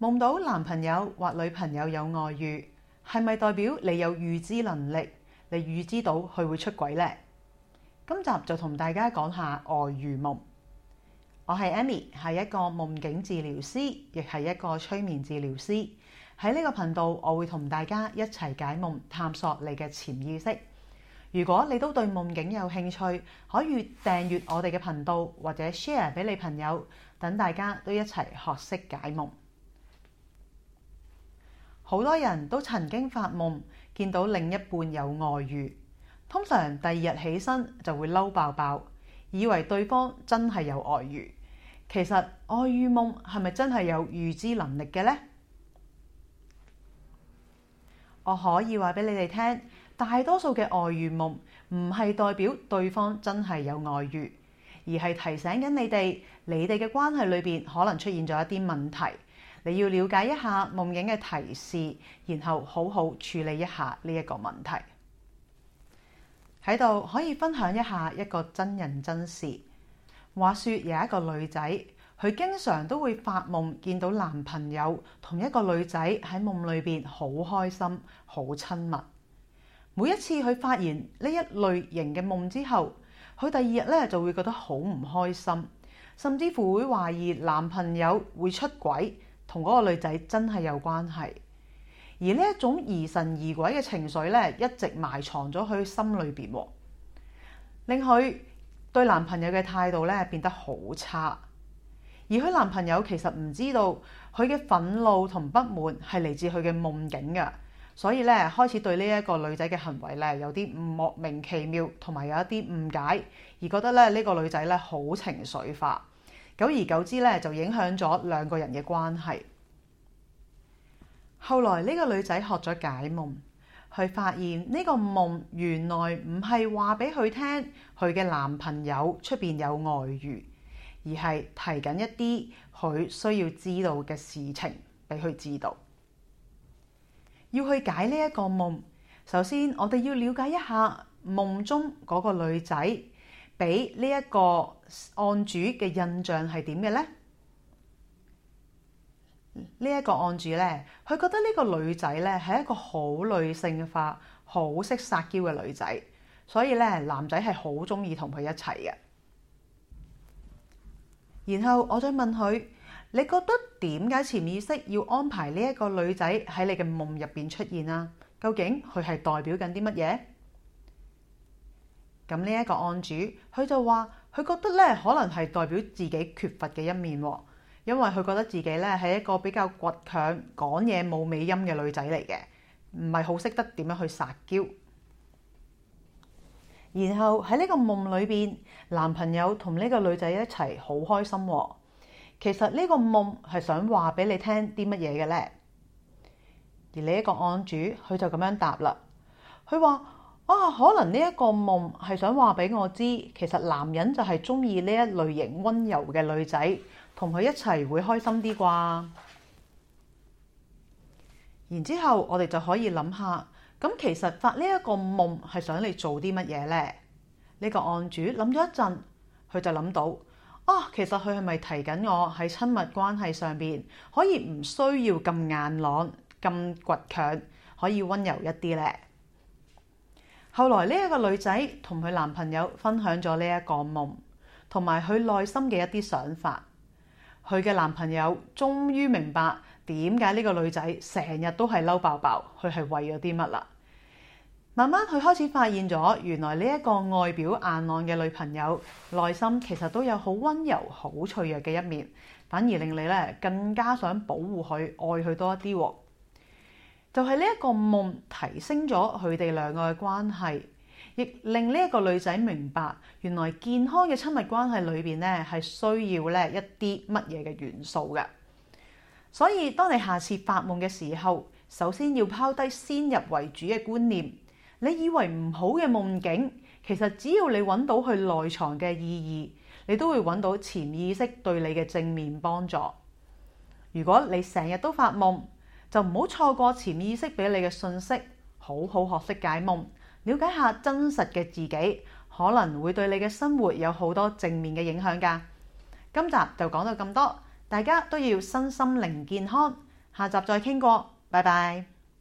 夢到男朋友或女朋友有外遇，係咪代表你有預知能力？你預知到佢會出軌呢？今集就同大家講下外遇夢。我係 Amy，係一個夢境治療師，亦係一個催眠治療師。喺呢個頻道，我會同大家一齊解夢，探索你嘅潛意識。如果你都對夢境有興趣，可以訂閱我哋嘅頻道，或者 share 俾你朋友，等大家都一齊學識解夢。好多人都曾經發夢見到另一半有外遇，通常第二日起身就會嬲爆爆，以為對方真係有外遇。其實外遇夢係咪真係有預知能力嘅呢？我可以話俾你哋聽，大多數嘅外遇夢唔係代表對方真係有外遇，而係提醒緊你哋，你哋嘅關係裏邊可能出現咗一啲問題。你要了解一下夢境嘅提示，然後好好處理一下呢一個問題。喺度可以分享一下一個真人真事。話説有一個女仔，佢經常都會發夢見到男朋友同一個女仔喺夢裏邊好開心，好親密。每一次佢發現呢一類型嘅夢之後，佢第二日咧就會覺得好唔開心，甚至乎會懷疑男朋友會出軌。同嗰個女仔真係有關係，而呢一種疑神疑鬼嘅情緒呢，一直埋藏咗佢心裏邊，令佢對男朋友嘅態度呢，變得好差。而佢男朋友其實唔知道佢嘅憤怒同不滿係嚟自佢嘅夢境嘅，所以呢，開始對呢一個女仔嘅行為呢，有啲莫名其妙，同埋有一啲誤解，而覺得咧呢個女仔呢，好情緒化。久而久之咧，就影響咗兩個人嘅關係。後來呢個女仔學咗解夢，佢發現呢個夢原來唔係話俾佢聽，佢嘅男朋友出邊有外遇，而係提緊一啲佢需要知道嘅事情俾佢知道。要去解呢一個夢，首先我哋要了解一下夢中嗰個女仔，俾呢一個案主嘅印象係點嘅呢？呢一個案主呢，佢覺得呢個女仔呢係一個好女性化、好識撒嬌嘅女仔，所以呢，男仔係好中意同佢一齊嘅。然後我再問佢，你覺得點解潛意識要安排呢一個女仔喺你嘅夢入邊出現啊？究竟佢係代表緊啲乜嘢？咁呢一個案主，佢就話佢覺得咧，可能係代表自己缺乏嘅一面喎，因為佢覺得自己咧係一個比較倔強、講嘢冇尾音嘅女仔嚟嘅，唔係好識得點樣去撒嬌。然後喺呢個夢裏邊，男朋友同呢個女仔一齊好開心喎。其實呢個夢係想話俾你聽啲乜嘢嘅呢？而呢一個案主，佢就咁樣答啦，佢話。啊，可能呢一個夢係想話俾我知，其實男人就係中意呢一類型溫柔嘅女仔，同佢一齊會開心啲啩。然之後我哋就可以諗下，咁其實發呢一個夢係想你做啲乜嘢呢？呢個案主諗咗一陣，佢就諗到，啊，其實佢係咪提緊我喺親密關係上邊可以唔需要咁硬朗、咁倔強，可以溫柔一啲呢？後來呢一個女仔同佢男朋友分享咗呢一個夢，同埋佢內心嘅一啲想法。佢嘅男朋友終於明白點解呢個女仔成日都係嬲爆爆，佢係為咗啲乜啦？慢慢佢開始發現咗，原來呢一個外表硬朗嘅女朋友，內心其實都有好溫柔、好脆弱嘅一面，反而令你咧更加想保護佢、愛佢多一啲。就係呢一個夢提升咗佢哋兩個嘅關係，亦令呢一個女仔明白，原來健康嘅親密關係裏邊咧係需要咧一啲乜嘢嘅元素嘅。所以當你下次發夢嘅時候，首先要拋低先入為主嘅觀念，你以為唔好嘅夢境，其實只要你揾到佢內藏嘅意義，你都會揾到潛意識對你嘅正面幫助。如果你成日都發夢，就唔好錯過潛意識俾你嘅信息，好好學識解夢，了解下真實嘅自己，可能會對你嘅生活有好多正面嘅影響㗎。今集就講到咁多，大家都要身心靈健康，下集再傾過，拜拜。